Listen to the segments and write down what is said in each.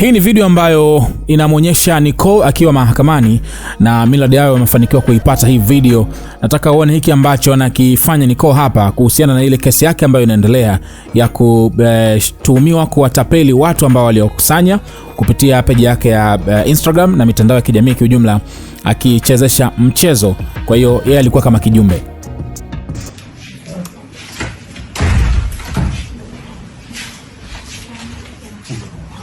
Hii ni video ambayo inamwonyesha Nicole akiwa mahakamani na Millard Ayo amefanikiwa kuipata hii video. Nataka uone hiki ambacho anakifanya Nicole hapa kuhusiana na ile kesi yake ambayo inaendelea ya kutuhumiwa eh, kuwatapeli watu ambao waliokusanya kupitia peji yake ya eh, Instagram na mitandao ya kijamii kiujumla, akichezesha mchezo. Kwa hiyo yeye alikuwa kama kijumbe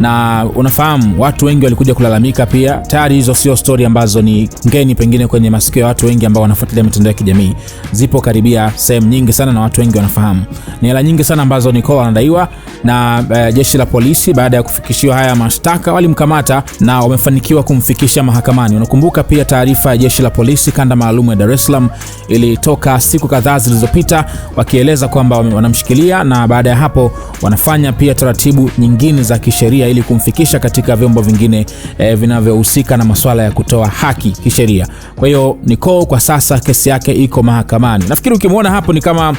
na unafahamu watu wengi walikuja kulalamika pia. Tayari hizo sio stori ambazo ni ngeni pengine kwenye masikio ya watu wengi ambao wanafuatilia mitandao ya kijamii, zipo karibia sehemu nyingi sana na watu wengi wanafahamu. Ni hela nyingi sana ambazo nikoa wanadaiwa na e, jeshi la polisi. Baada ya kufikishiwa haya mashtaka, walimkamata na wamefanikiwa kumfikisha mahakamani. Unakumbuka pia taarifa ya jeshi la polisi kanda maalum ya dares Salaam ilitoka siku kadhaa zilizopita, wakieleza kwamba wanamshikilia na baada ya hapo wanafanya pia taratibu nyingine za kisheria ili kumfikisha katika vyombo vingine e, vinavyohusika na masuala ya kutoa haki kisheria. Kwa hiyo Nicole kwa sasa kesi yake iko mahakamani. Nafikiri ukimwona hapo ni kama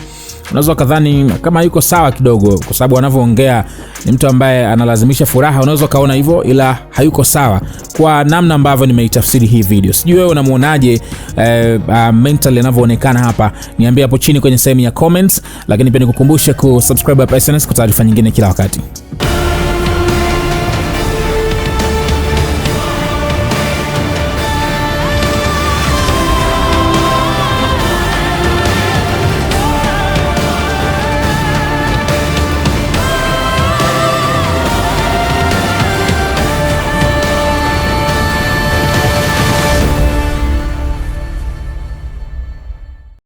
unaweza kadhani kama yuko sawa kidogo, kwa sababu anavyoongea ni mtu ambaye analazimisha furaha. Unaweza ukaona hivyo, ila hayuko sawa kwa namna ambavyo nimeitafsiri hii video. Sijui wewe unamuonaje, eh, uh, ah, mental anavyoonekana hapa? Niambie hapo chini kwenye sehemu ya comments, lakini pia nikukumbushe kusubscribe hapa SnS kwa taarifa nyingine kila wakati.